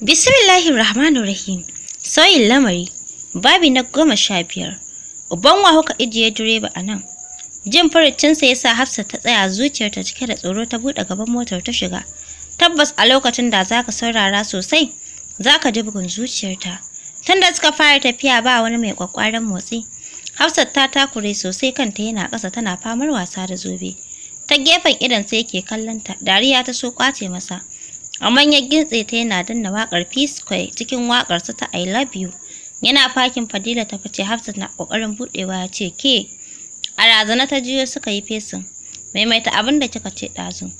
Bismillahir Rahmanir Rahim. Sauyin lamari, babi na goma sha biyar. Uban wa ka ijiye direba a nan. Jin furicinsa ya sa Hafsa ta tsaya zuciyarta cike da tsoro ta buɗe gaban motar ta shiga. Tabbas a lokacin da za ka saurara sosai, za ka ji bugun zuciyarta. Tunda suka fara tafiya ba wani mai kwakkwaran motsi. Hafsat ta takure sosai kanta yana ƙasa tana famar wasa da zobe. Ta gefen idan sai yake kallonta, dariya ta so kwace masa. aman ya gintse ta yana danna waƙar P-Square cikin waƙarsa ta I Love You. Yana fakin Fadila ta fice Hafsat na ƙoƙarin buɗewa ya ce ke. A razana ta juyo suka yi fesin. Maimaita abin da kika ce ɗazu.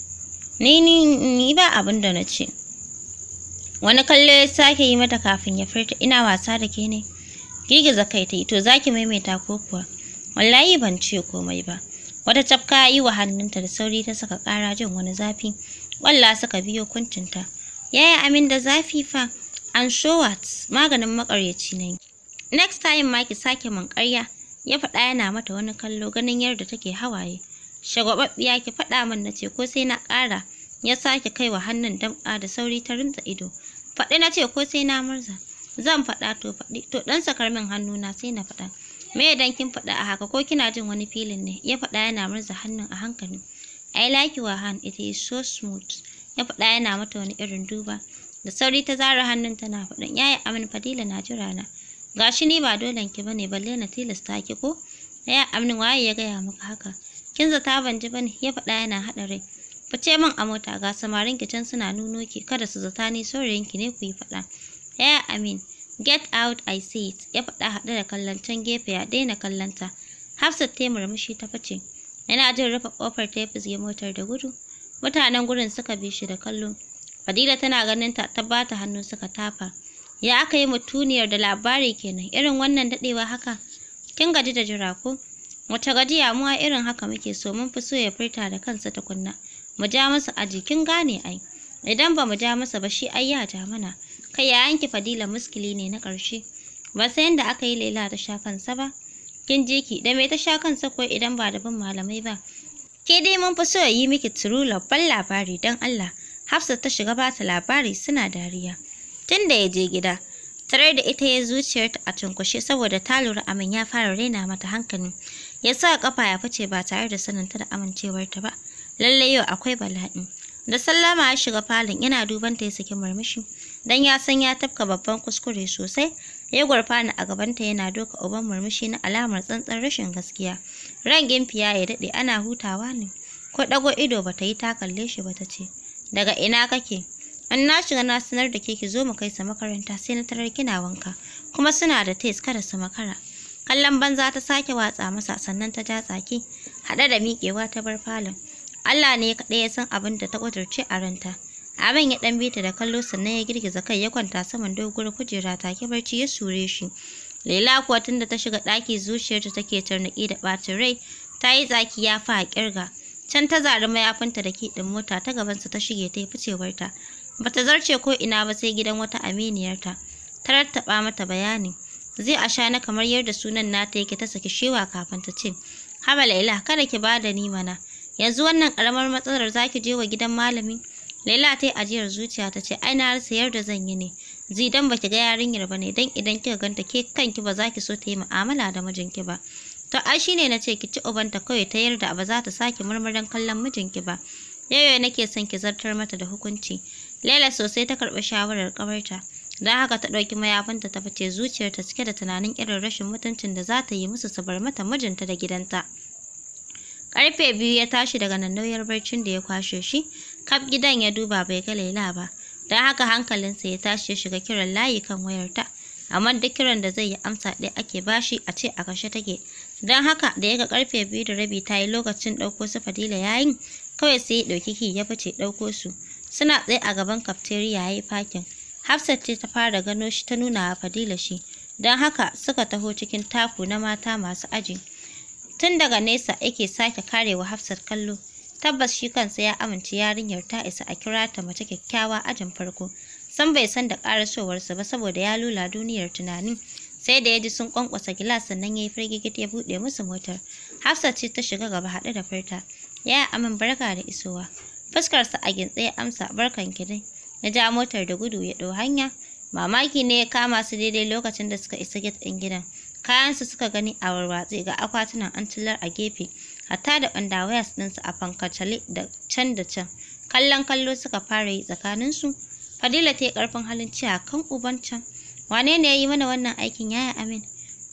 Ni ni ni ba abin da na ce. Wani kallo ya sake yi mata kafin ya furta ina wasa da ke ne. Girgiza kai ta yi to zaki maimaita ko kuwa. Wallahi ban ce komai ba. Wata cafka ya yi wa hannunta da sauri ta saka ƙara jin wani zafi. wallah suka biyo kuncinta. Yaya amin da zafi fa, an showat maganin makaryaci na Next time ma ki sake mun karya, ya faɗa yana mata wani kallo ganin yadda take hawaye. Shagwababbiya ki faɗa min na ce ko sai na ƙara, ya sake kaiwa hannun damƙa da sauri ta rinta ido. Faɗi na ce ko sai na murza. Zan faɗa to faɗi, to ɗan sakar min hannu na sai na faɗa. Me dan kin faɗa a haka ko kina jin wani filin ne? Ya faɗa yana murza hannun a hankali. I like your hand, it is so smooth. Ya faɗa yana mata wani irin duba. Da sauri ta zara hannun tana faɗin, yaya amin fadila na jira na. Ga shi ni ba dolen ki bane balle na tilasta ki ko? Yaya amin waye ya gaya maka haka? Kin zata ban ji bane, ya faɗa yana haɗa rai. Fice min a mota ga samarin ki can suna nuno ki kada su zata ni saurayin ki ne ku yi faɗa. Yaya amin, get out I see it, ya faɗa haɗe da kallon can gefe ya daina kallon ta. Hafsat ta murmushi ta fice. yana jin rufe kofar ta ya motar da gudu mutanen gurin suka bi shi da kallo fadila tana ganin ta ta bata hannu suka tafa ya aka yi mutuniyar da labari kenan irin wannan dadewa haka kin gaji da jira ko wata gajiya mu irin haka muke so mun fi so ya furta da kansa tukunna mu ja masa aji kin gane ai idan ba mu ja masa ba shi ai ya ja mana kai ya yanke fadila muskili ne na ƙarshe ba sai yadda aka yi lela ta sha kansa ba kin ji ki da me ta sha kansa ko idan ba da bin malamai ba ke dai mun fi so yi miki true ban labari don Allah Hafsat ta shiga bata labari suna dariya Tunda ya je gida tare da ita ya zuciyarta a cunkushe saboda ta lura amin ya fara raina mata hankali, ya sa kafa ya fice ba tare da saninta da amincewarta ba lallai yau akwai bala'i Da sallama ya shiga falon, yana duban ta ya saki murmushi. Dan ya san ya tafka babban kuskure sosai. Ya gurfana a gabanta yana doka uban murmushi na alamar tsantsan rashin gaskiya. Ran gimfiya ya daɗe ana hutawa ne. Ko ɗago ido bata yi ta kalle shi ba ta ce. Daga ina kake? An na shiga na sanar da ke ki zo mu kai sa makaranta sai na tarar kina wanka. Kuma suna da tes kada su makara. Kallon banza ta sake watsa masa sannan ta ja tsaki. Haɗe da miƙewa ta bar falon. Allah ne kaɗai ya san abin da ta ƙudurce a ranta. Abin ya ɗan ta da kallo sannan ya girgiza kai ya kwanta saman doguwar kujera ta take barci ya sure shi. Laila kuwa tunda ta shiga ɗaki zuciyarta take tarnaƙi da ɓacin rai, ta yi tsaki ya fa ƙirga. Can ta zari mayafinta da ke ɗin mota ta gabansa ta shige ta yi ta. Ba ta zarce ko ina ba sai gidan wata aminiyarta. Ta rattaɓa mata bayani. Zai a sha na kamar yadda sunan nata yake ta saki shewa kafin ta ce, Haba Laila, kada ki bada ni mana. yanzu wannan karamar matsalar zaki je wa gidan malami Laila ta yi ajiyar zuciya ta ce ai na rasa yarda zan yi ne zidan baki ga yarinyar ba ne dan idan kika ganta ke kanki ba za ki so ta yi mu'amala da mijinki ba to ai shine na ce ki ci ubanta kawai ta yarda ba za ta sake murmuran kallon mijinki ba yau nake son ki zartar mata da hukunci Laila sosai ta karɓi shawarar kawarta don haka ta ɗauki mayafinta ta fice zuciyarta cike da tunanin irin rashin mutuncin da za ta yi musu su bar mata mijinta da gidanta Karfe biyu ya tashi daga nannauyar barcin da ya kwashe shi, kaf gidan ya duba bai ga Laila ba, don haka hankalinsa ya tashi ya shiga kiran layi kan wayarta. amma duk kiran da zai yi amsa ɗaya ake bashi a ce a kashe take don haka da ya ga karfe biyu da rabi ta yi lokacin ɗauko su fadila ya yi, kawai sai ya ɗauki ki ya fice ɗauko su suna tsaye a gaban kafteriya ya yi fakin hafsat ce ta fara gano shi ta nunawa fadila shi don haka suka taho cikin taku na mata masu aji tun daga nesa yake sake karewa Hafsat kallo tabbas shi kansa ya amince yarinyar ta isa a kira ta mace kyakkyawa ajin farko san bai san da karasowarsa ba saboda ya lula duniyar tunanin sai da ya ji sun kwankwasa gilas sannan ya yi firgigit ya buɗe musu motar Hafsat ce ta shiga gaba haɗe da furta ya amin barka da isowa fuskarsa a gintse ya amsa barkan ki ya ja motar da gudu ya ɗau hanya mamaki ne ya kama su daidai lokacin da suka isa gate ɗin gidan kayansu suka gani a warwatse ga akwatunan an a gefe hatta da underwears ɗinsu a fankacale da can da can kallon kallo suka fara yi tsakaninsu fadila ta yi ƙarfin halin cewa kan uban can wane ne ya yi mana wannan aikin yaya amin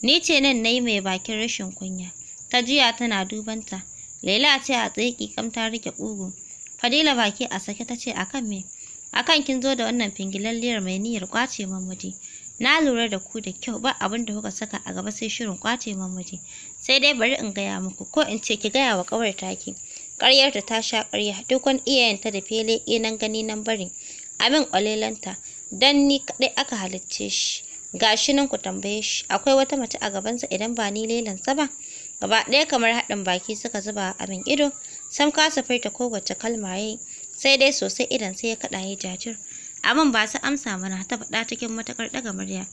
ni ce nan na yi mai bakin rashin kunya ta juya tana duban ta laila ce a tsaye kam ta rike ƙugu fadila baki a sake ta ce akan me akan kin zo da wannan fingilalliyar mai niyyar kwace mamudi Na lura da ku da kyau ba abin da kuka saka a gaba sai shirin kwace mamaji. Sai dai bari in gaya muku ko in ce ki gaya wa ƙawar taki. Ƙaryar ta ta sha ƙarya duk wani iyayenta da fele nan gani nan bari. Abin ƙwalelanta dan ni kaɗai aka halicce shi. Ga shi nan ku tambaye shi akwai wata mace a gabansa idan ba ni lelansa ba. Gaba ɗaya kamar haɗin baki suka zuba abin ido. Sam kasa furta kowace kalma yayi sai dai sosai idan sai ya kaɗa ya jajir. Abin ba su amsa mana ta faɗa cikin matakar ɗaga murya.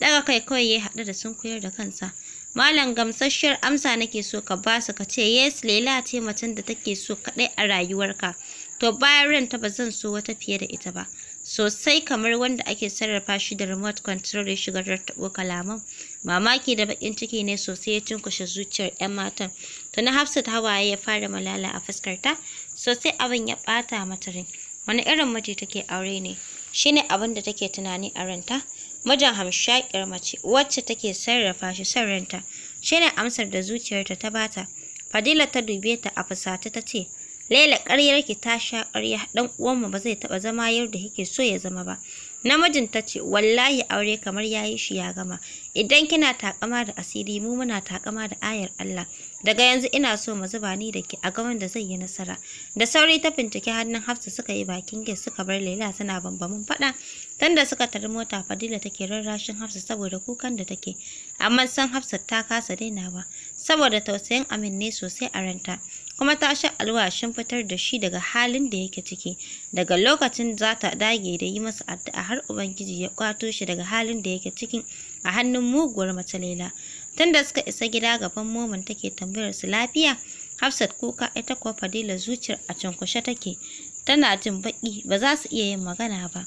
Ɗaga kai kawai ya haɗu da sun koyar da kansa. Malam gamsasshiyar amsa nake so ka ba su ka ce yes lela ce macen da take so kaɗai a rayuwarka. To bayan ran ta ba zan so wata fiye da ita ba. Sosai kamar wanda ake sarrafa shi da remote control ya shigar da taɓo kalaman. Mamaki da baƙin ciki ne sosai ya cinkushe zuciyar 'yan matan. Tuni Hafsat hawaye ya fara malala a fuskarta. Sosai abin ya ɓata mata rai. Wani irin mace take aure ne? shine abin da take tunani a ranta mijin hamshaƙiyar mace wacce take sarrafa shi son ranta shine amsar da zuciyarta ta bata fadila ta dube ta a fusata ta ce Laila ƙaryarki ta sha ƙarya dan uwanmu ba zai taɓa zama yadda kike so ya zama ba. Namijin ta ce wallahi aure kamar yayi shi ya gama. Idan kina takama da asiri mu muna takama da ayar Allah. Daga yanzu ina so mu zuba ni da ke a gaban da zai yi nasara. Da sauri ta bincike hannun Hafsa suka yi bakin gate suka bar Laila suna bambamin faɗa. Tanda suka tari mota Fadila take rarrashin Hafsa saboda kukan da take. Amma san Hafsa ta kasa daina ba saboda tausayin Amin ne sosai a ranta. kuma ta sha alwashin fitar da shi daga halin da yake ciki daga lokacin za ta dage da yi masa addu'a har ubangiji ya kwato shi daga halin da yake cikin a hannun muguwar mace laila tunda suka isa gida gaban momin take tambayar su lafiya hafsat kuka ita kuwa fadila zuciyar a cunkushe take tana jin baƙi ba za su iya yin magana ba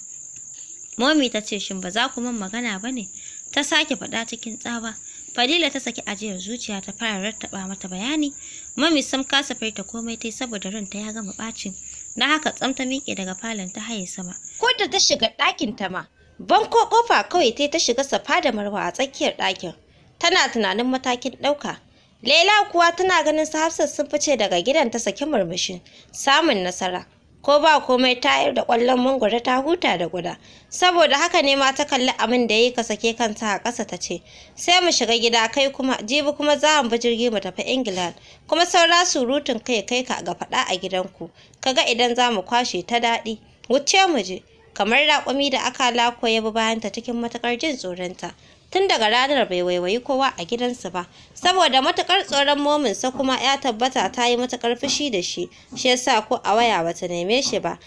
momi ta ce shin ba za ku min magana ba ne ta sake faɗa cikin tsaba Fadila ta saki ajiyar zuciya ta fara rattaba mata bayani, mami sam kasa furta komai tai saboda ranta ya gama bacin. Na haka tsamta miƙe daga falon ta haye sama. Ko da ta shiga ɗakin ta ma, banko ƙofa kawai tai ta shiga safa da marwa a tsakiyar ɗakin. Tana tunanin matakin ɗauka. Laila kuwa tana ganin su Hafsat sun fice daga gidan ta saki murmushin, samun nasara. ko ba komai tayar da kwallon mangwaro ta huta da guda saboda haka ne ma ta kalli abin da yi ka sake kanta a ƙasa ta ce sai mu shiga gida kai kuma jibi kuma za mu bi jirgi mu tafi England kuma saura surutun kai kai ka ga faɗa a gidanku kaga idan za mu kwashe ta daɗi wuce mu je kamar raƙumi da aka lako ya bi bayanta cikin matuƙar jin tsoronta tun daga ranar bai waiwayi kowa a gidansa ba saboda matukar tsoron mominsa kuma ya tabbata ta yi matukar fushi da shi shi yasa ko a waya bata neme shi ba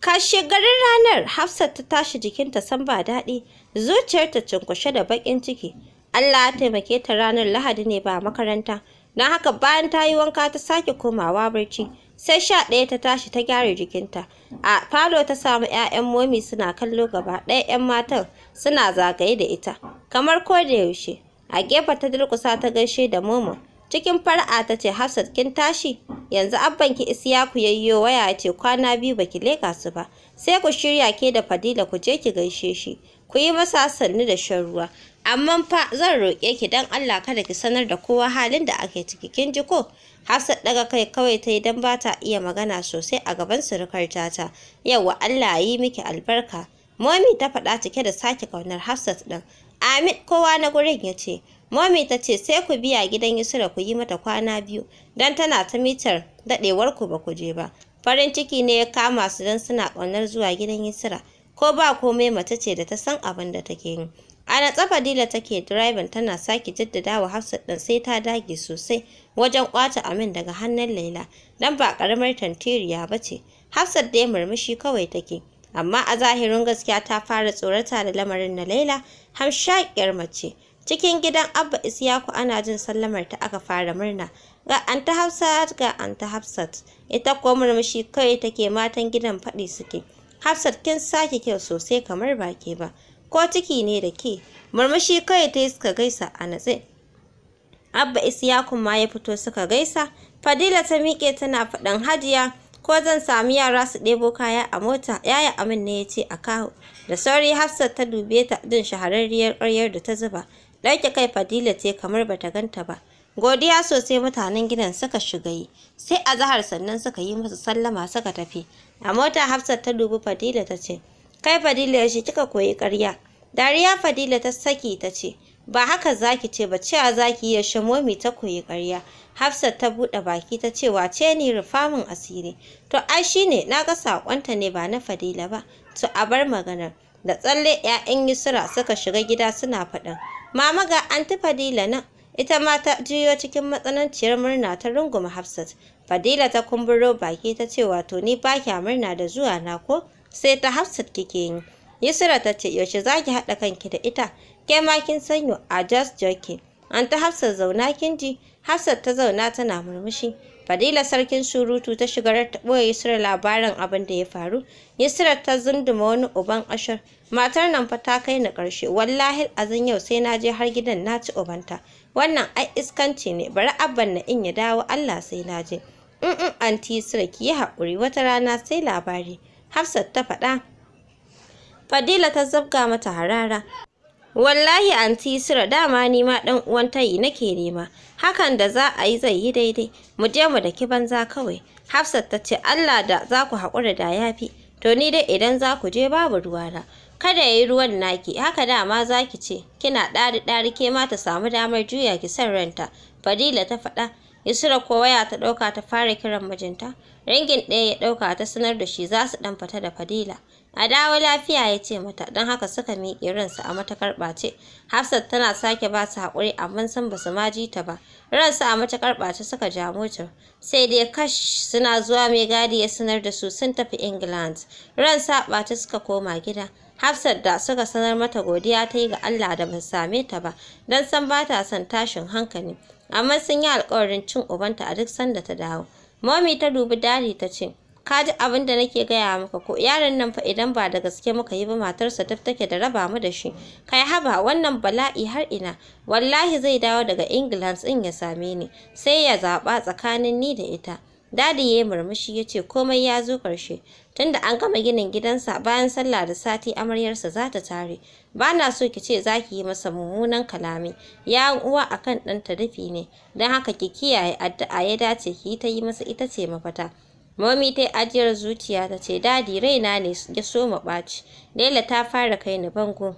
kashe garin ranar hafsat ta tashi jikinta san ba daɗi ta cunkushe da baƙin ciki allah ya taimake ta ranar lahadi ne ba makaranta don haka bayan ta yi wanka ta sake komawa barci sai sha ɗaya ta tashi ta gyara jikinta a falo ta samu 'ya'yan momi suna kallo gaba ɗaya 'yan matan suna zagaye da ita kamar ko da yaushe a gefe ta durƙusa ta gaishe da momo cikin far'a ta ce hafsat kin tashi yanzu abban ki abbanki isiyaku yayyo waya ya ce kwana biyu baki leka su ba sai ku shirya ke da fadila ku je ki gaishe shi ku yi masa sannu da shan ruwa amma fa zan roƙe ki don Allah kada ki sanar da kowa halin da ake ciki kin ji ko Hafsat daga kai kawai ta idan don ba ta iya magana sosai a gaban surukar tata yauwa Allah yi miki albarka Momi ta faɗa cike da sake ƙaunar Hafsat ɗin Amin kowa na gurin ya ce Momi ta ce sai ku biya gidan Yusra ku yi mata kwana biyu Dan tana ta mitar daɗewar ku ba ku je ba farin ciki ne ya kama su don suna ƙaunar zuwa gidan Yusra ko ba komai mace ce da ta san abin da take yi A natsa Fadila take direban tana sake jaddadawa Hafsat ɗin sai ta dage sosai wajen ƙwace Amin daga hannun Laila, dan ba karamar tantiriya ba ce. Hafsat dai murmushi kawai take, amma a zahirin gaskiya ta fara tsorata da lamarin na Laila, hamshakiyar mace. Cikin gidan Abba Isyaku ana jin sallamar ta aka fara murna. Ga Anta Hafsat, ga Anta Hafsat. Ita kuwa murmushi kawai take matan gidan fadi suke. Hafsat kin sake kyau sosai kamar ba ke ba. ko ciki ne da ke murmushi kai ta suka gaisa a natse abba ya kuma ya fito suka gaisa fadila ta miƙe tana faɗin hajiya ko zan sami yara su ɗebo kaya a mota yaya amin ne ya ce a kawo da sauri hafsat ta dube ta jin shahararriyar ƙaryar da ta zuba ɗauke kai fadila ce kamar bata ganta ba godiya sosai mutanen gidan suka shiga yi sai a zahar sannan suka yi masa sallama suka tafi a mota hafsat ta dubi fadila ta ce kai Fadila yaushe kika koyi ƙarya dariya Fadila ta saki ta ce ba haka zaki ce ba cewa zaki iya shamomi ta koyi ƙarya Hafsat ta buɗe baki ta ce wace ne rufamin asiri to ai shine na ga saƙonta ne ba na Fadila ba to a bar maganar da tsalle 'ya'yan Yusra suka shiga gida suna faɗan. mama ga anti Fadila nan ita ma ta juyo cikin matsananciyar murna ta runguma Hafsat Fadila ta kumburo baki ta ce wato ni ba kya murna da zuwa na ko sai ta hafsat kike yi yusra ta ce yaushe za ki haɗa kanki da ita ke ma kin sanyo a just joking an ta hafsat zauna kin ji hafsat ta zauna tana murmushi fadila sarkin surutu ta shigar ta ɓoye yusra labarin abin da ya faru yusra ta zunduma wani uban ashar matar nan fa ta kai na ƙarshe wallahi azan yau sai na je har gidan na ci ubanta wannan ai iskanci ne bari abban na in ya dawo allah sai na je in in anti ki yi haƙuri wata rana sai labari Hafsat ta faɗa. Fadila ta zabga mata harara. Wallahi anti Sira dama ni ma dan uwan tayi nake nema. Hakan da za a yi zai yi daidai. Mu je mu da daki banza kawai. Hafsat ta ce Allah da za ku haƙura da yafi. To ni dai idan za ku je babu ruwa na. Kada ya yi ruwan naki, haka dama za ki ce, kina ɗari ɗari ke ma ta samu damar juya ki san ranta. Fadila ta faɗa, Yusra ko waya ta ɗauka ta fara kiran mijinta. Ringin ɗaya ya ɗauka ta sanar da shi za su ɗan fita da Fadila. A dawo lafiya ya ce mata, don haka suka miƙe ransu a matakar ɓace. Hafsat tana sake ba su haƙuri amma san ba su ma ji ta ba. Ransu a matakar ɓace suka ja mota. Sai dai kash suna zuwa mai gadi ya sanar da su sun tafi England. Ransu a ɓace suka koma gida. Hafsat da suka sanar mata godiya ta yi ga Allah da ban same ta ba, don san ba ta son tashin hankali. amma sun yi alkawarin cin ubanta a duk sanda ta dawo momi ta dubi dadi ta ce ka ji abin da nake gaya maka ko yaron nan fa idan ba da gaske muka yi ba matarsa ta take da raba mu da shi kai haba wannan bala'i har ina wallahi zai dawo daga england in ya same ni sai ya zaba tsakanin ni da ita dadi ya murmushi ya ce komai ya zo karshe tunda an gama ginin gidansa bayan sallah da sati amaryarsa za ta tare ba na so ki ce za ki yi masa mummunan kalami ya uwa a kan ɗanta dafi ne don haka ki kiyaye addu'a ya dace ki yi ta yi masa ita ce mafata Momi ta ajiyar zuciya ta ce, Dadi raina ne ya so mu ɓaci, Laila ta fara kai ni bango.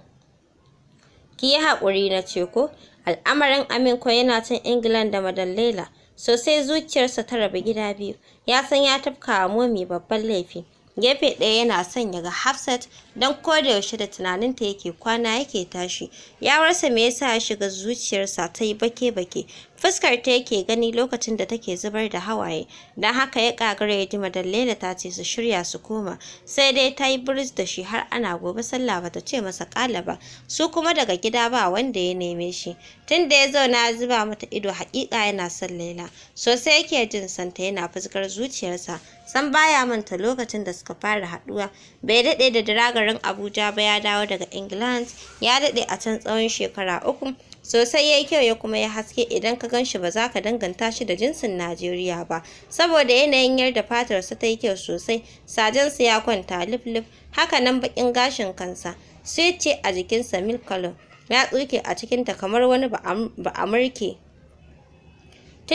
Ki yi haƙuri na ce ko, al'amarin Aminko yana can England da Madan Laila, sosai zuciyarsa ta rabu gida biyu, ya san ya tafka wa Momi babban laifi, gefe ɗaya yana son ya ga Hafsat don yaushe da tunaninta yake kwana yake tashi yawarsa me yasa ya shiga zuciyarsa ta yi bake-bake fuskar ta yake gani lokacin da take zubar da hawaye don haka ya ƙagara ya ji madallela ta ce su shirya su koma sai dai ta yi biris da shi har ana gobe sallah ba ta ce masa kala ba su kuma daga gida ba wanda ya neme shi tun da ya zauna ya zuba mata ido hakika yana son laila sosai yake jin santa yana fuskar zuciyarsa san baya manta lokacin da suka fara haduwa bai daɗe da diragarin abuja ba ya dawo daga england ya daɗe a can tsawon shekara uku sosai ya yi kyau ya kuma ya haske idan ka gan shi ba za ka danganta shi da jinsin Najeriya ba saboda yanayin yarda fatarsa ta yi kyau sosai su ya kwanta lif-lif haka nan bakin gashin kansa sweet ce a jikinsa milk color ya tsuke a cikinta kamar wani ba ba'amurke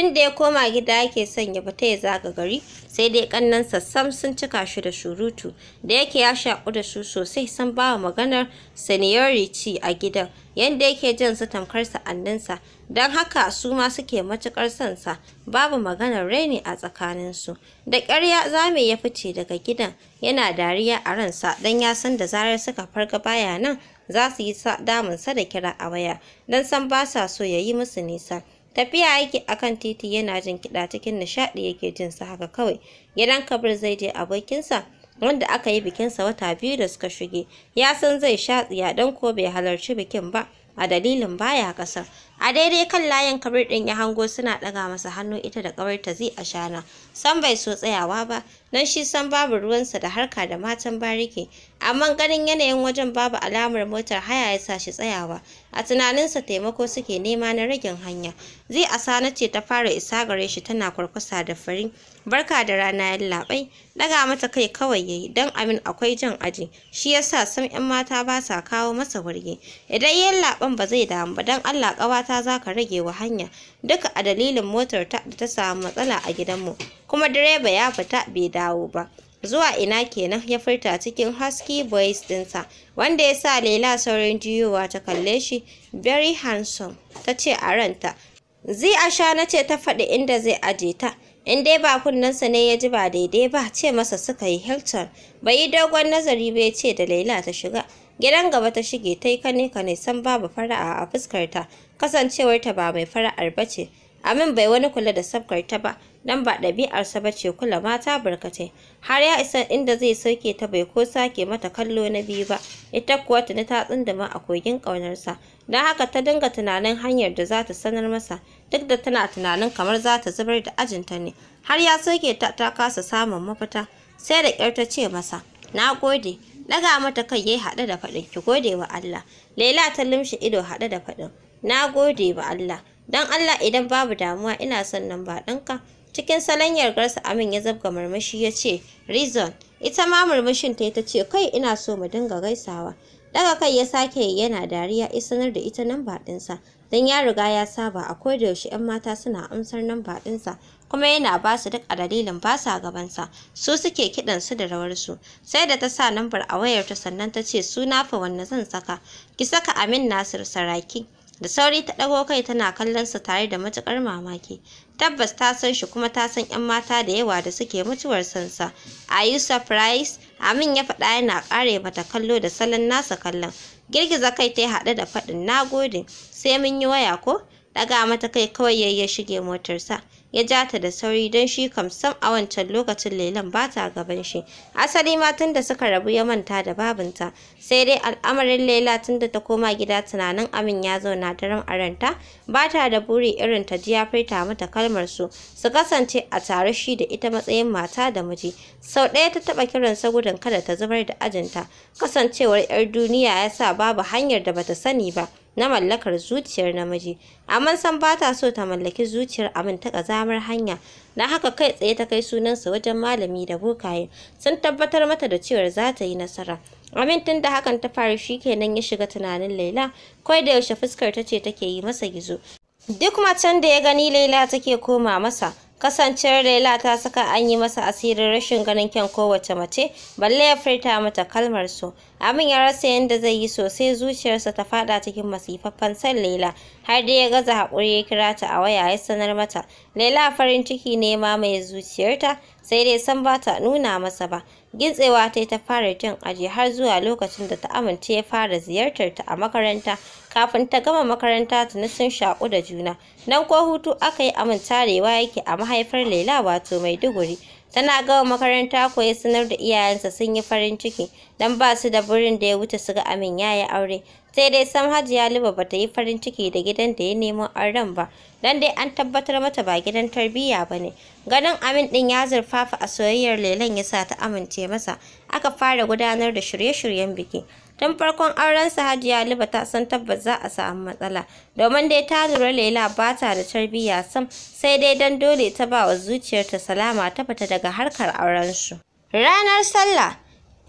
tun da ya koma gida yake son ya fita ya zaga gari sai dai kannansa sam sun cika shi da surutu da yake ya shaƙu da su sosai san ba wa maganar seniority a gidan yadda yake jin su tamkar sa'anninsa don haka su ma suke matuƙar son sa babu maganar raini a tsakaninsu da ƙarya zame ya fice daga gidan yana dariya a ransa don ya san da zarar suka farga baya nan za su yi damunsa da kira a waya don san ba sa so ya yi musu nisa Tafiya yake akan titi yana jin kiɗa cikin nishaɗi yake jin sa haka kawai. Gidan kabir zai je abokinsa wanda aka yi bikinsa wata biyu da suka shige. Ya san zai sha tsiya don ko bai halarci bikin ba. a dalilin baya kasar a daidai kan layin kabir ɗin ya hango suna ɗaga masa hannu ita da ƙawarta zai shana san bai so tsayawa ba don shi san babu ruwansa da harka da matan bariki amma ganin yanayin wajen babu alamar motar haya ya sa shi tsayawa a tunaninsa taimako suke nema na ragin hanya zai asana ce ta fara isa gare shi tana kwarkwasa da fari barka da rana yan labai daga mata kai kawai yayi dan amin akwai jan aji shi yasa sam yan mata ba sa kawo masa wurge idan yan laban ba zai damu ba dan Allah kawata zaka rage wa hanya duka a dalilin motar ta da ta samu matsala a gidanmu kuma direba ya fita bai dawo ba zuwa ina kenan ya furta cikin husky voice dinsa wanda ya sa Laila saurin juyowa ta kalle shi very handsome ta ce a ranta zai asha na ce ta faɗi inda zai aje ta in dai ba kunnensa ne ya ji ba daidai ba ce masa suka yi Hilton bai yi dogon nazari ba ya ce da Laila ta shiga gidan gaba ta shige ta yi kane kane san babu fara'a a fuskarta kasancewarta ba mai fara'ar ba ce amin bai wani kula da ta ba dan ba ɗabi'arsa ba ce kula mata barkatai har ya isa inda zai sauke ta bai ko sake mata kallo na biyu ba ita kuwa tuni ta tsindama a kogin ƙaunarsa don haka ta dinga tunanin hanyar da za ta sanar masa duk da tana tunanin kamar za ta zubar da ajinta ne har ya sauke ta ta kasa samun mafita sai da ƙyar ta ce masa na gode ɗaga mata kai yayi haɗe da faɗin ki gode wa Allah Laila ta limshi ido haɗe da faɗin na gode ba Allah don Allah idan babu damuwa ina son nan ba ɗinka cikin salon yargarsa amin ya zabga murmushi ya ce reason ita ma murmushin ta ta ce kai ina so mu dinga gaisawa daga kai ya sake yana dariya ya sanar da ita nan ɗinsa don ya riga ya saba a da yaushe 'yan mata suna amsar nan ɗinsa kuma yana ba su duk a dalilin ba sa gabansa su suke kiɗan su da rawarsu sai da ta sa lambar a wayarta sannan ta ce suna fa wanne zan saka ki saka amin nasir saraki da sauri ta ɗago kai tana kallon sa tare da matuƙar mamaki tabbas ta san shi kuma ta san 'yan mata da yawa da suke mutuwar sa. are you surprised amin ya faɗa yana ƙare mata kallo da salon nasa kallon girgiza kai ta haɗe da faɗin na sai mun yi waya ko ɗaga mata kai kawai ya shige motarsa ya ja ta da sauri don shi kam sam a wancan lokacin lelan ba ta gaban shi asali ma tun da suka rabu ya manta da babinta sai dai al'amarin lela tun da ta koma gida tunanin amin ya zauna daren aranta ranta ba ta da buri irin ta ji ya furta mata kalmar su su kasance a tare shi da ita matsayin mata da miji sau ɗaya ta taɓa kiransa gudun kada ta zubar da ajinta kasancewar 'yar duniya ya sa babu hanyar da bata sani ba na mallakar zuciyar namiji amma san ba ta so ta mallaki zuciyar abin ta kazamar hanya na haka kai tsaye ta kai sunansa wajen malami da bokaye sun tabbatar mata da cewa za ta yi nasara Amin tun da hakan ta faru shi kenan ya shiga tunanin Laila, kawai da yaushe fuskar ta ce take yi masa gizo. Duk macen da ya gani Laila take koma masa, kasancewar Laila ta saka an yi masa asirin rashin ganin kyan kowace mace balle ya furta mata kalmar so abin ya rasa yadda zai yi sosai zuciyarsa ta fada cikin masifaffan san Laila har dai ya gaza haƙuri ya kira ta a waya ya sanar mata Laila farin ciki ne ma mai zuciyarta sai dai san ba ta nuna masa ba gintsewa ta ta fara jin aji har zuwa lokacin da ta amince ya fara ziyartar ta a makaranta kafin ta gama makaranta tuni sun shaƙu da juna nan ko hutu aka yi amintarewa yake a mahaifar Laila wato Maiduguri tana gama makaranta ko sanar da iyayensa sun yi farin ciki dan ba su da burin da ya wuce su ga Amin yayi aure sai dai sam Hajiya Luba ta yi farin ciki da gidan da ya nemo auren ba dan dai an tabbatar mata ba gidan tarbiyya ba ne ganin amin din ya zurfafa a soyayyar lelen ya sa ta amince masa aka fara gudanar da shirye-shiryen biki tun farkon auren sa hajiya liba ta san tabbas za a samu matsala domin dai ta lura lela ba ta da tarbiyya sam sai dai dan dole ta ba wa zuciyarta salama ta fita daga harkar auren su ranar sallah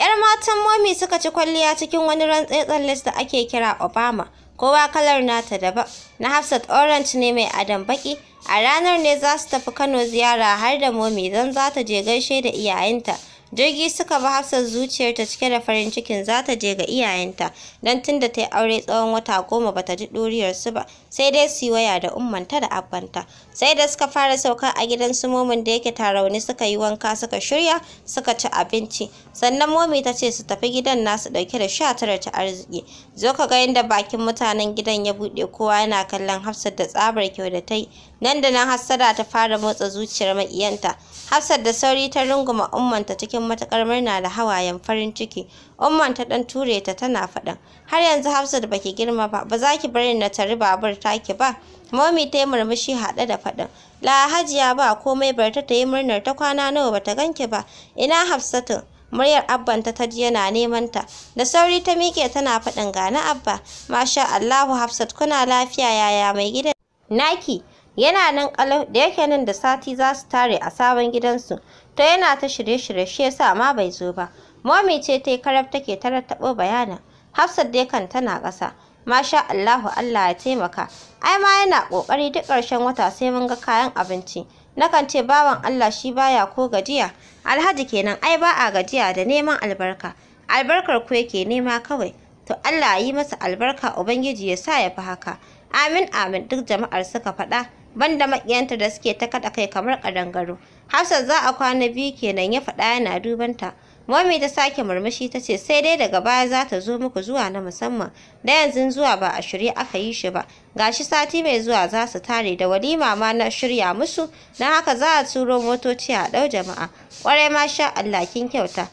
'yar matan momi suka ci kwalliya cikin wani rantsatsen list da ake kira obama kowa kalar nata daban na Hafsat orange ne mai adam baki a ranar ne za su tafi Kano ziyara har da momi don za ta je gaishe da iyayenta jirgi suka bi Hafsat zuciyarta cike da farin cikin za ta je ga iyayenta don tunda ta yi aure tsawon wata goma ta ji ɗuriyarsu ba sai dai su yi waya da ummanta da abbanta sai da suka fara sauka a gidan su momin da yake tarauni suka yi wanka suka shirya suka ci abinci sannan momi ta ce su tafi gidan nasu dauke da sha tara ta arziki zo ka ga yadda bakin mutanen gidan ya buɗe kowa yana kallon hafsat da tsabar kyau da ta yi nan da nan hassada ta fara motsa zuciyar maƙiyanta hafsat da sauri ta runguma ummanta cikin matukar murna da hawayen farin ciki Umman ta ɗan ture ta tana faɗin. Har yanzu Hafsat baki girma ba, ba za ki bari na tari babur taki ba. Momi ta yi murmushi haɗe da faɗin. La hajiya ba komai bari ta yi murnar ta kwana nawa bata ganki ba. Ina Hafsatu? Muryar abbanta ta ji yana neman ta. Da sauri ta miƙe tana faɗin ga na abba. Masha Allahu Hafsat kuna lafiya yaya mai gidan. Naki yana nan kalau da yake nan da sati za su tare a sabon gidansu. To yana ta shirye-shirye shi yasa ma bai zo ba. Momi ce ta yi karab take ta rattaɓo bayanin. Hafsat dai kan tana ƙasa. Masha Allahu Allah ya taimaka. Ai ma yana ƙoƙari duk ƙarshen wata sai mun ga kayan abinci. Nakan ce bawan Allah shi baya ko gajiya. Alhaji kenan ai ba a gajiya da neman albarka. Albarkar ku yake nema kawai. To Allah ya yi masa albarka Ubangiji ya sa ya fi haka. Amin amin duk jama'ar suka faɗa. banda maƙiyanta da suke ta kaɗa kai kamar ƙadangaru. Hafsat za a kwana biyu kenan ya faɗa yana dubanta. Momi ta sake murmushi ta ce sai dai daga baya za ta zo muku zuwa na musamman da yanzu zuwa ba a shirye aka yi shi ba gashi sati mai zuwa za su tare da walima ma na shirya musu na haka za a turo motoci a ɗau jama'a ƙwarai ma sha Allah kin kyauta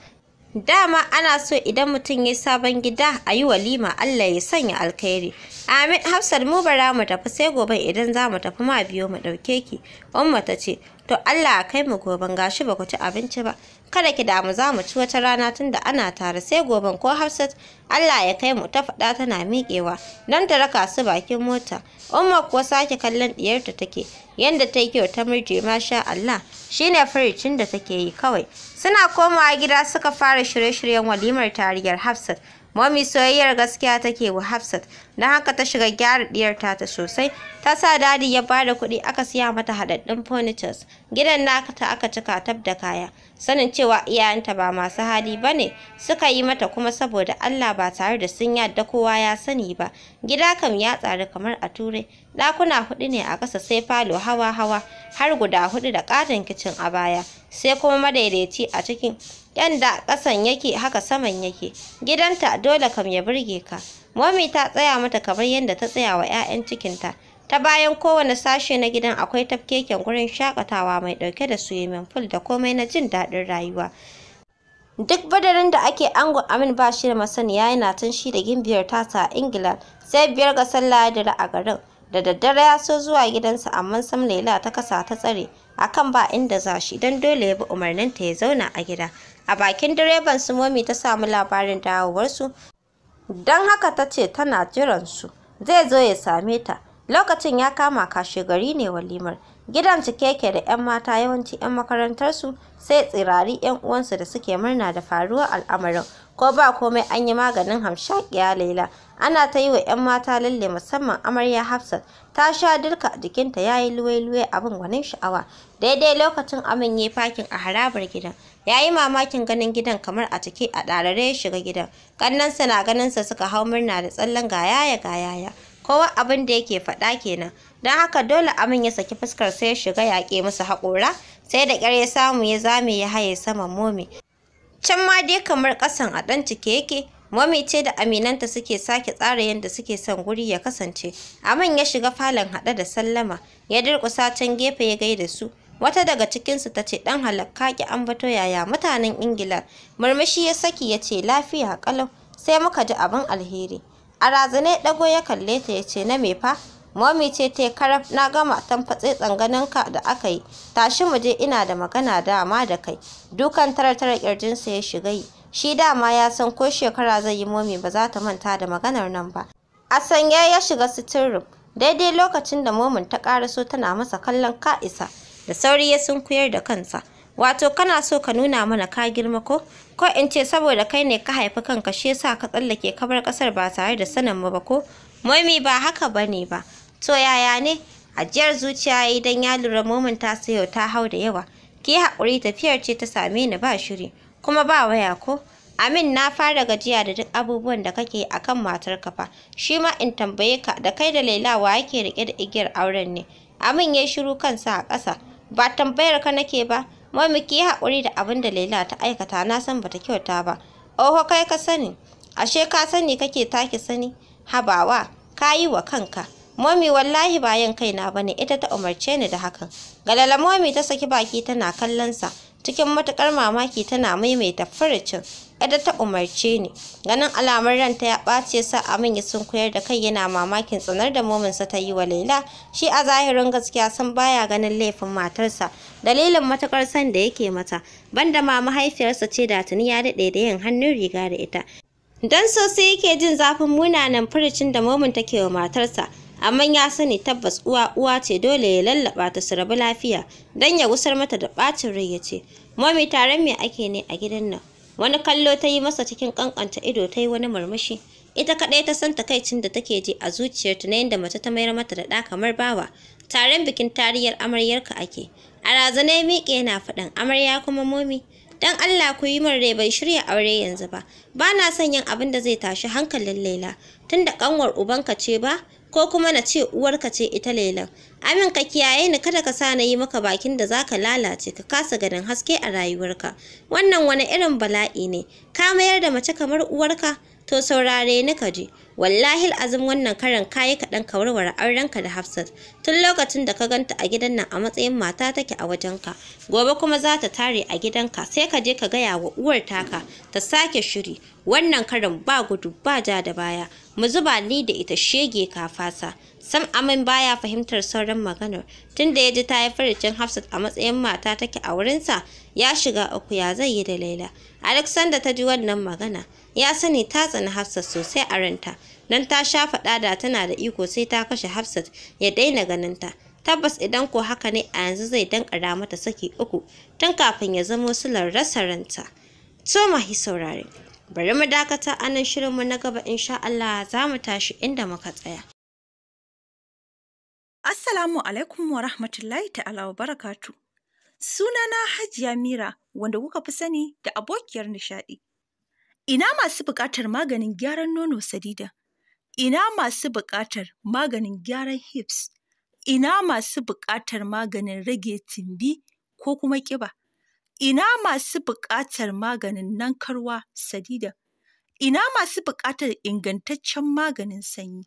dama ana so idan mutum ya sabon gida a yi walima Allah ya sanya alkhairi Amin Hafsat mu bara mu tafi sai gobe idan za mu tafi ma biyo mu ɗauke ki Umma ta ce to Allah a kai mu goben gashi ba ku ci abinci ba kada ki damu za mu ci wata rana tunda ana tare sai goben ko hafsat allah ya kai mu ta faɗa tana miƙewa don ta raka su bakin mota umma kuwa sake kallon ɗiyarta take yadda ta yi kyau ta murje masha allah shine furicin da take yi kawai suna komawa gida suka fara shirye-shiryen walimar tariyar hafsat Mami soyayyar gaskiya take wa Hafsat, don haka ta shiga gyara ɗiyarta ta sosai, ta sa dadi ya bada kuɗi aka siya mata haɗaɗɗun furnitures, gidan naka ta aka cika tab da kaya. sanin cewa iyayenta ba masu hali ba ne suka yi mata kuma saboda Allah ba tare da sun yadda kowa ya sani ba gida kam ya tsari kamar a turai ɗakuna huɗu ne a ƙasa sai falo hawa-hawa har guda hudu da ƙaton kicin a baya sai kuma madaidaici a cikin yanda ƙasan yake haka saman yake gidanta dole kam ya burge ka mami ta tsaya mata kamar yadda ta tsaya wa 'ya'yan cikinta ta bayan kowane sashe na gidan akwai tafkeken gurin shakatawa mai ɗauke da suyemin ful da komai na jin daɗin rayuwa duk badarin da ake ango amin ba shi da masaniya yana tun shi da gimbiyar tasa a ingila sai biyar ga sallah da a garin da daddare ya so zuwa gidansa amma sam laila ta kasa ta tsare akan ba inda za shi don dole ya bi umarnin ta ya zauna a gida a bakin direban su momi ta samu labarin dawowarsu don haka ta ce tana jiran su, zai zo ya same ta Lokacin ya kama kashe gari ne walimar. Gidan cike yake da 'yan mata yawanci 'yan makarantarsu sai tsirari 'yan uwansu da suke murna da faruwar al'amarin. Ko ba komai an yi maganin hamshakiya Laila. Ana ta yi wa 'yan mata lalle musamman amarya Hafsat. Ta sha dirka jikinta ya yi luwe-luwe abin gwanin sha'awa. Daidai lokacin amin ya fakin a harabar gidan. Ya yi mamakin ganin gidan kamar a cike a ɗarare ya shiga gidan. Ƙannansa na ganinsa suka hau murna da tsallen gayaya-gayaya. kowa abin da yake faɗa kenan don haka dole amin ya saki fuskar sai ya shiga yaƙe musu haƙora sai da ƙyar ya samu ya zame ya haye saman momi can ma dai kamar ƙasan a ɗan cike yake momi ce da aminanta suke sake tsara yadda suke son guri ya kasance amin ya shiga falon haɗe da sallama ya durƙusa can gefe ya gaida su wata daga cikinsu ta ce ɗan halakka an bato yaya mutanen ingila murmushi ya saki ya ce lafiya ƙalau sai muka ji abin alheri a razane ɗago ya kalle ta ya ce na me fa Mami ce ta karaf na gama tamfatse tsanganinka da aka yi. Tashi mu je ina da magana dama da kai. Dukan tarar ƙirjinsa kirjinsa ya shiga yi. Shi dama ya san ko shekara zai yi momi ba za ta manta da maganar nan ba. A sanya ya shiga sitirin Daidai lokacin da momin ta ƙaraso tana masa kallon ka'isa. Da sauri ya sunkuyar da kansa. wato kana so ka nuna mana ka girma ko ko in ce saboda kai ne ka haifi kanka shi yasa ka tsallake kabar kasar ba tare da sanin mu ba ko momi ba haka bane ba to yaya ne ajiyar zuciya dan ya lura momin ta sayo ta hau da yawa ki hakuri tafiyar ce ta same ni ba shiri kuma ba waya ko Amin na fara gajiya da duk abubuwan da kake akan matarka fa shi ma in tambaye ka da kai da Laila wa yake rike da igiyar auren ne Amin ya shiru kansa a ƙasa ba tambayar ka nake ba Momi ki haƙuri da abin da Laila ta aikata na san bata kyauta ba. Oho kai ka sani. Ashe ka sani kake take sani. Habawa, kayi wa kanka. Mami wallahi bayan kaina bane ita ta umarce ni da hakan. Galala Mami ta saki baki tana kallon sa cikin matukar mamaki tana maimaita furucin. Yadda ta umarce ni. Ganin alamar ranta ya ɓace sa amin ya koyar da kai yana mamakin tsanar da mominsa ta yi wa Laila. Shi a zahirin gaskiya sun baya ganin laifin matarsa. Dalilin matakar san da yake mata. Banda ma mahaifiyarsa ce da tuni ya daɗe da yin hannun riga da ita. Dan sosai yake jin zafin munanan furicin da momin take wa matarsa. amma ya sani tabbas uwa uwa ce dole ya lallaɓa ta su rabu lafiya don ya gusar mata da ɓacin rai ya ce mami taron me ake ne a gidan nan wani kallo ta yi masa cikin kankanta ido ta yi wani murmushi ita kadai ta san takaicin da take ji a zuciyarta na yadda mace ta mayar mata da ɗa kamar bawa taron bikin tariyar amaryarka ake a razana ya miƙe yana faɗin amarya kuma momi dan Allah ku yi min rai bai shirya aure yanzu ba ba na son yin abin da zai tashi hankalin Laila tunda kanwar ubanka ce ba ko kuma na ce uwarka ce ita lailan amin ka kiyaye ni kada ka sa na yi maka bakin da zaka lalace ka kasa ganin haske a rayuwarka wannan wani irin bala'i ne ka mayar da mace kamar uwarka to saurare ni ka ji wallahi azum wannan karan kayi kaɗan ka warware aurenka da Hafsat tun lokacin da ka ganta a gidan nan a matsayin mata take a wajenka gobe kuma za ta tare a gidanka sai ka je ka gaya wa uwar taka ta sake shiri wannan karan ba gudu ba ja da baya mu zuba ni da ita shege ka fasa Sam Amin baya fahimtar sauran maganar. Tunda ya ji ta yi farcin Hafsat a matsayin mata take a wurinsa, ya shiga uku ya zai yi da Laila. Alexander ta ji wannan magana, ya sani ta tsani Hafsat sosai a ranta, Nan ta sha faɗa da tana da iko sai ta kashe Hafsat ya daina ganin ta Tabbas idan ko haka ne a yanzu zai danƙara mata saki uku tun kafin ya zama wasu rasa ranta. ma hi saurare. Bari mu dakata anan shirinmu na gaba insha Allah za mu tashi inda muka tsaya. Assalamu alaikum wa rahmatullahi ta'ala wa barakatu. Sunana Hajiya Mira wanda kuka fi sani da abokiyar nishaɗi. Ina masu buƙatar maganin gyaran nono sadida. Ina masu buƙatar maganin gyaran hips. Ina masu buƙatar maganin rage tumbi ko kuma ƙiba. Ina masu buƙatar maganin nankarwa sadida. Ina masu buƙatar ingantaccen maganin sanyi.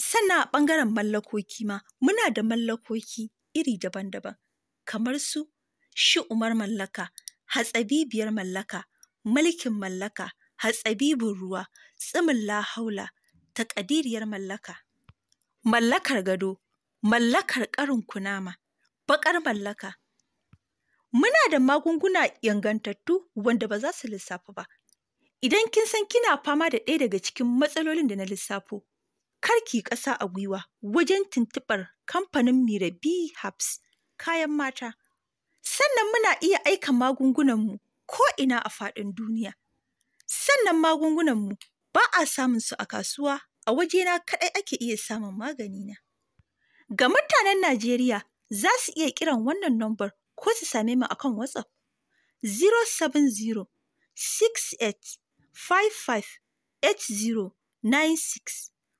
sannan a ɓangaren mallakoki ma muna da mallakoki iri daban-daban kamar su shi umar mallaka hatsabibiyar mallaka mulkin mallaka hatsabibin ruwa tsimin lahaula takadiriyar mallaka mallakar gado mallakar ƙarin kunama baƙar mallaka muna da magunguna yangantattu wanda ba za su lissafu ba idan kin san kina fama da ɗaya daga cikin matsalolin da na lissafo kar ki ƙasa a gwiwa wajen tuntuɓar kamfanin Mirabi Habs kayan mata. Sannan muna iya aika magungunanmu ko ina a faɗin duniya. Sannan magungunanmu ba a samun su a kasuwa, a wajena kaɗai ake iya samun magani na Ga mutanen Najeriya za su iya kiran wannan nombar ko su same mu akan WhatsApp 070 68 55 six.